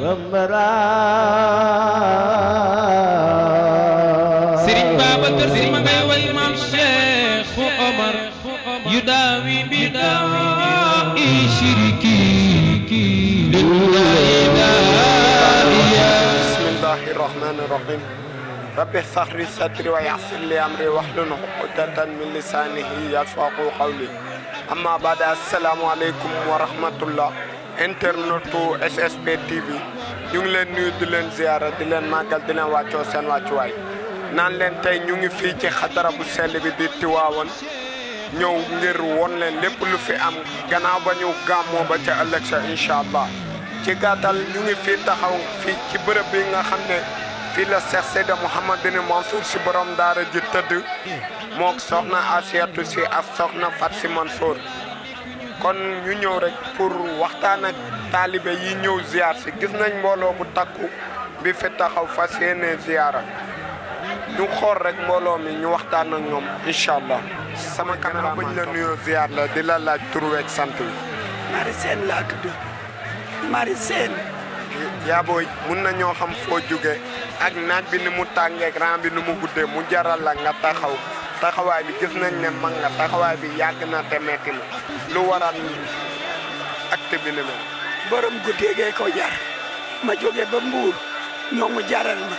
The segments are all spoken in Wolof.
Serigne Babacar Si ma ngay way maam Cheikh Omar yu daawi bi daawi shiriki bismillahi rahmani rahim rabbi shrah li sadri wa yassir li amri wahlul uqdatan min lisanihi yafqahu qawli amma ba'da assalamu alaykum wa rahmatullah internetu SSP TV ñu ngi leen nuyu di leen ziyaara di leen màggal di leen wàccoo seen wàccuwaay naan leen tey ñu ngi fii ci xadara bu sell bi di Tiwaawan ñëw ngir won leen lépp lu fi am gannaaw ba ñu gàmmoo ba ca ëllëg sa incha allah ci gàttal ñu ngi fii taxaw fii ci bërëb bi nga xam ne fii la Cheikh Seydi Mouhamadou ni Mansour si borom daara ji tëdd mook soxna Asiatu si ak soxna Fat si Mansour kon ñu ñëw rek pour waxtaan ak taalibe yi ñëw ziar si gis nañ mbooloo bu takku bi fi taxaw fas yéene ziara ñu xool rek mbooloo mi ñu waxtaan ak ñoom incha allah. sama caméra bañ la nuyoo ziar la di la laaj tur weeg sant wi. Marie Sène laa tudd Marie Sène. yaa booy mun na ñoo xam foo jóge ak naaj bi ni mu tàngee ak rang bi ni mu guddee mu jaral la nga taxaw. taxawaay bi gis nañ ne mag nga taxawaay bi yàgg na te metti na lu waral ak bi ne mel. borom guddeegee ko jar ma jóge ba mbuur ñoo mu jaral ma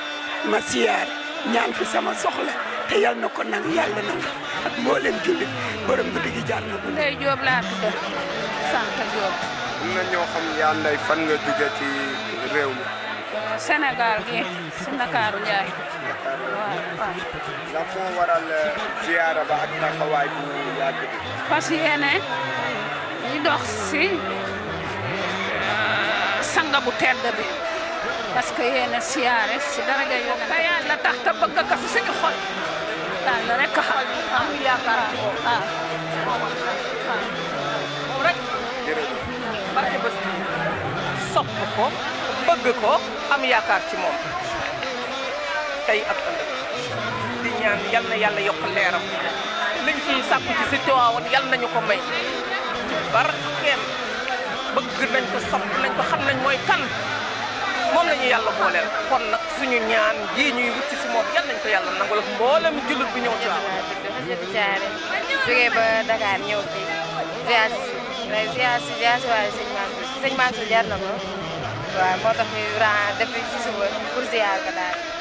ma siyaar ñaan fi sama soxla te yal na ko nang yàlla nang ak mboolem jullit borom guddi gi jar na. Ndeye Diop laa ñoo xam yaa fan nga jóge ci réew mi. Sénégal gi si Ndakaaru Njaay waaw waaw. lan waral eh, ziyaara ba ak taxawaay bu yàgg bi. fas yéene ñu dox si eh, sanga bu tedd bi parce que siyaare si daraja yonent ba yàlla tax te bëgg ka fi suñu xol daal rek xal amu sopp ko. bëgg ko am yaakaar ci moom tey ak ëllëg di ñaan yal na yàlla yokk leeram liñ ciy sàkku ci si Tiwaawan yal nañu ko may ci barkeem bëgg nañ ko sopp nañ ko xam nañ mooy kan moom la yàlla booleel kon nag suñu ñaan ji ñuy wut si moom yal nañ ko yàlla nangul ak mboolem jullit bi ñëw Tiwaawan. jërëjëf Thiaré jógee ba Dakar ñëw fii ziar si ziar si ziar si waaye sëñ Mansour na ko. waaw moo tax ñu ra depuis ci suba pour ziar ko daal.